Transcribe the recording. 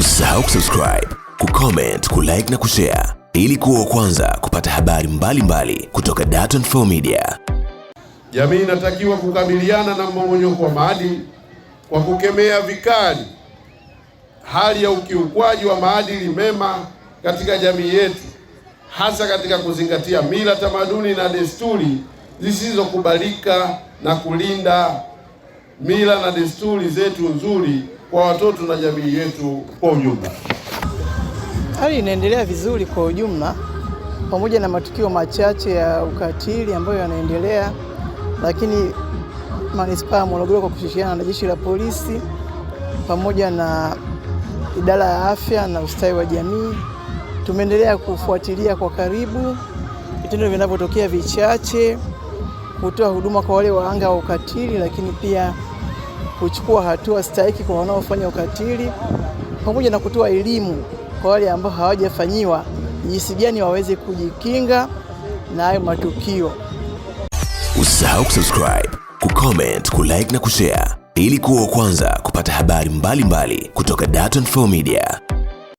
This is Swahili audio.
Usisahau kusubscribe, kucomment, kulike na kushare ili kuwa kwanza kupata habari mbalimbali mbali kutoka Dar24 Media. Jamii inatakiwa kukabiliana na mmomonyoko wa maadili kwa kukemea vikali hali ya ukiukwaji wa maadili mema katika jamii yetu, hasa katika kuzingatia mila, tamaduni na desturi zisizokubalika na kulinda mila na desturi zetu nzuri kwa watoto na jamii yetu kwa ujumla. Hali inaendelea vizuri kwa ujumla, pamoja na matukio machache ya ukatili ambayo yanaendelea, lakini manispaa ya Morogoro kwa kushirikiana na jeshi la polisi pamoja na idara ya afya na ustawi wa jamii tumeendelea kufuatilia kwa karibu vitendo vinavyotokea vichache, kutoa huduma kwa wale wahanga wa ukatili, lakini pia kuchukua hatua stahiki kwa wanaofanya ukatili pamoja na kutoa elimu kwa wale ambao hawajafanyiwa jinsi gani waweze kujikinga na hayo matukio. Usisahau kusubscribe, kucomment, kulike na kushare ili kuwa wa kwanza kupata habari mbalimbali mbali kutoka Dar24 Media.